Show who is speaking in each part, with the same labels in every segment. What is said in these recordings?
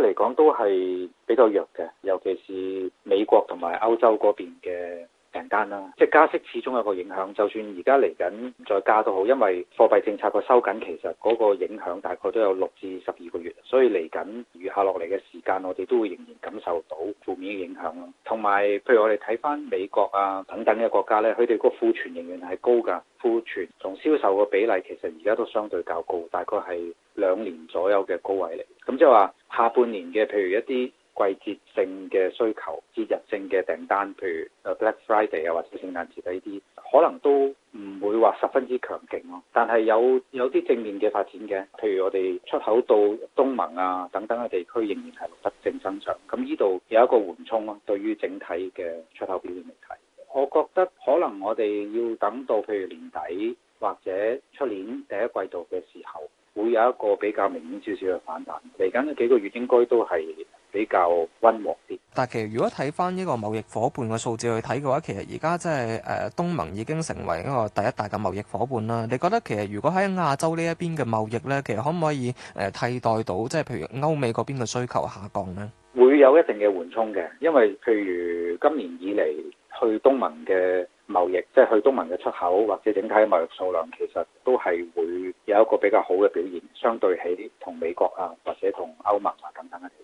Speaker 1: 嚟講都係比較弱嘅，尤其是美國同埋歐洲嗰邊嘅。簡單啦，即係加息始終有個影響，就算而家嚟緊再加都好，因為貨幣政策個收緊其實嗰個影響大概都有六至十二個月，所以嚟緊餘下落嚟嘅時間，我哋都會仍然感受到負面嘅影響咯。同埋，譬如我哋睇翻美國啊等等嘅國家呢，佢哋個庫存仍然係高㗎，庫存同銷售個比例其實而家都相對較高，大概係兩年左右嘅高位嚟。咁即係話下半年嘅，譬如一啲。季節性嘅需求、節日性嘅訂單，譬如誒 Black Friday 啊，或者聖誕節呢啲，可能都唔會話十分之強勁咯。但係有有啲正面嘅發展嘅，譬如我哋出口到東盟啊等等嘅地區，仍然係得正增長。咁呢度有一個緩衝咯啊，對於整體嘅出口表現嚟睇，我覺得可能我哋要等到譬如年底或者出年第一季度嘅時候，會有一個比較明顯少少嘅反彈。嚟緊嘅幾個月應該都係。比較温和
Speaker 2: 啲。但係其實如果睇返呢個貿易夥伴嘅數字去睇嘅話，其實而家即係誒東盟已經成為一個第一大嘅貿易夥伴啦。你覺得其實如果喺亞洲呢一邊嘅貿易呢，其實可唔可以誒、呃、替代到，即係譬如歐美嗰邊嘅需求下降呢，
Speaker 1: 會有一定嘅緩衝嘅，因為譬如今年以嚟去東盟嘅貿易，即係去東盟嘅出口或者整體貿易數量，其實都係會有一個比較好嘅表現，相對起同美國啊或者同歐盟啊等等、啊啊啊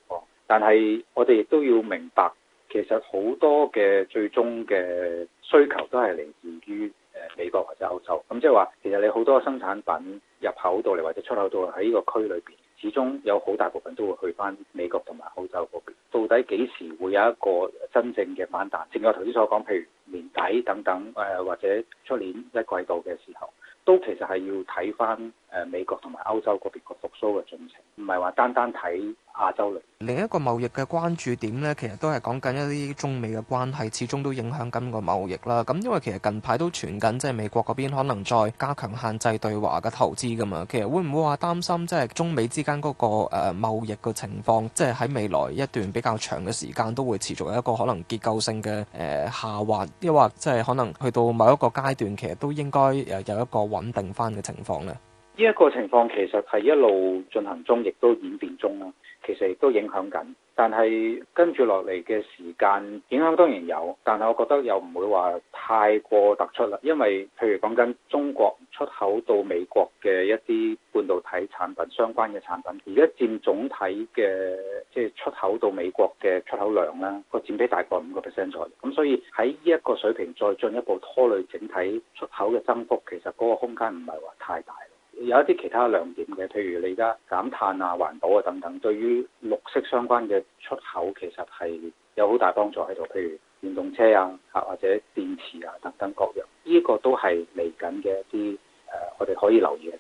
Speaker 1: 但係我哋亦都要明白，其實好多嘅最終嘅需求都係嚟自於誒美國或者歐洲。咁即係話，其實你好多生產品入口到嚟或者出口到喺呢個區裏邊，始終有好大部分都會去翻美國同埋歐洲嗰邊。到底幾時會有一個真正嘅反彈？正如我頭先所講，譬如年底等等誒、呃，或者出年一季度嘅時候，都其實係要睇翻。誒，美國同埋歐洲嗰邊個復甦嘅進程，唔係話單單睇亞洲
Speaker 2: 嚟。另一個貿易嘅關注點呢，其實都係講緊一啲中美嘅關係，始終都影響緊個貿易啦。咁因為其實近排都傳緊，即係美國嗰邊可能再加強限制對華嘅投資噶嘛。其實會唔會話擔心，即係中美之間嗰個誒貿易嘅情況，即係喺未來一段比較長嘅時間都會持續有一個可能結構性嘅誒下滑，亦或即係可能去到某一個階段，其實都應該誒有一個穩定翻嘅情況呢？
Speaker 1: 呢一個情況其實係一路進行中，亦都演變中啦。其實亦都影響緊，但係跟住落嚟嘅時間影響當然有，但係我覺得又唔會話太過突出啦。因為譬如講緊中國出口到美國嘅一啲半導體產品相關嘅產品，而家佔總體嘅即係出口到美國嘅出口量啦，個佔比大概五個 percent 咗。咁所以喺呢一個水平再進一步拖累整體出口嘅增幅，其實嗰個空間唔係話太大。有一啲其他亮點嘅，譬如你而家減碳啊、環保啊等等，對於綠色相關嘅出口其實係有好大幫助喺度。譬如電動車啊，或者電池啊等等各樣，呢、這個都係嚟緊嘅一啲、呃、我哋可以留意。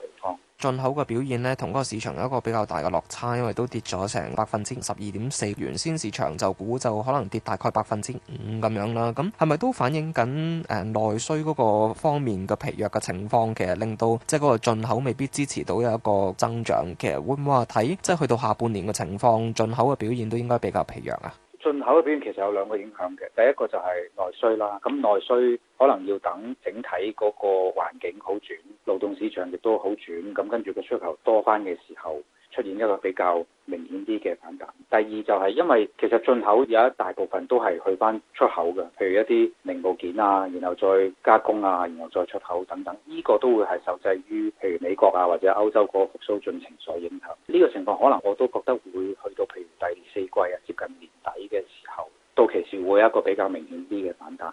Speaker 2: 進口嘅表現咧，同嗰個市場有一個比較大嘅落差，因為都跌咗成百分之十二點四，原先市場就估就可能跌大概百分之五咁樣啦。咁係咪都反映緊誒、呃、內需嗰個方面嘅疲弱嘅情況？其實令到即係嗰個進口未必支持到有一個增長。其實會唔會話睇即係去到下半年嘅情況，進口嘅表現都應該比較疲弱啊？
Speaker 1: 進口嘅表現其實有兩個影響嘅，第一個就係內需啦。咁內需可能要等整體嗰個環境好轉，勞動市場亦都好轉，咁跟住個出口多返嘅時候出現一個比較明顯啲嘅反彈。第二就係因為其實進口有一大部分都係去返出口㗎，譬如一啲零部件啊，然後再加工啊，然後再出口等等，呢個都會係受制於譬如美國啊或者歐洲個復甦進程所影響。呢個情況可能我都覺得會去到譬如第四季啊，接近有一個比較明顯啲嘅反彈。